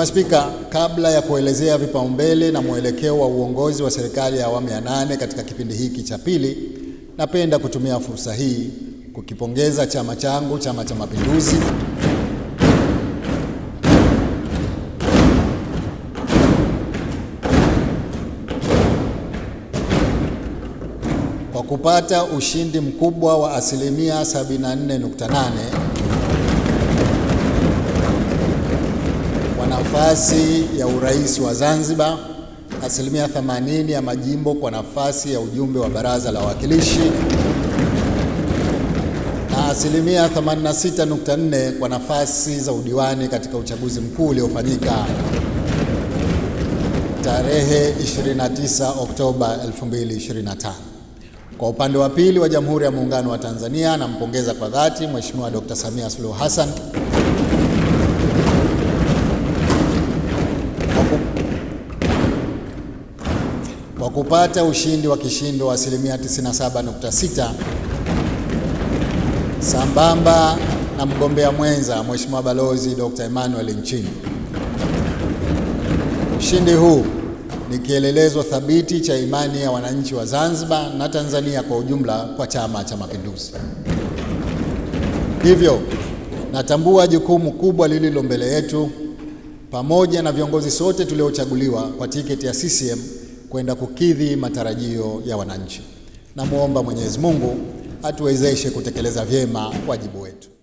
Mheshimiwa Spika, kabla ya kuelezea vipaumbele na mwelekeo wa uongozi wa serikali ya awamu ya nane katika kipindi hiki cha pili, napenda kutumia fursa hii kukipongeza chama changu, Chama cha Mapinduzi, kwa kupata ushindi mkubwa wa asilimia 74.8 nafasi ya urais wa Zanzibar, asilimia 80 ya majimbo kwa nafasi ya ujumbe wa baraza la wawakilishi na asilimia 86.4 kwa nafasi za udiwani katika uchaguzi mkuu uliofanyika tarehe 29 Oktoba 2025. Kwa upande wa pili wa Jamhuri ya Muungano wa Tanzania, nampongeza kwa dhati Mheshimiwa Dr. Samia Suluhu Hassan kwa kupata ushindi wa kishindo wa asilimia 97.6 sambamba na mgombea mwenza Mheshimiwa Balozi Dr. Emmanuel Nchimbi. Ushindi huu ni kielelezo thabiti cha imani ya wananchi wa Zanzibar na Tanzania kwa ujumla kwa Chama cha Mapinduzi. Hivyo natambua jukumu kubwa lililo mbele yetu pamoja na viongozi sote tuliochaguliwa kwa tiketi ya CCM kwenda kukidhi matarajio ya wananchi. Namwomba Mwenyezi Mungu atuwezeshe kutekeleza vyema wajibu wetu.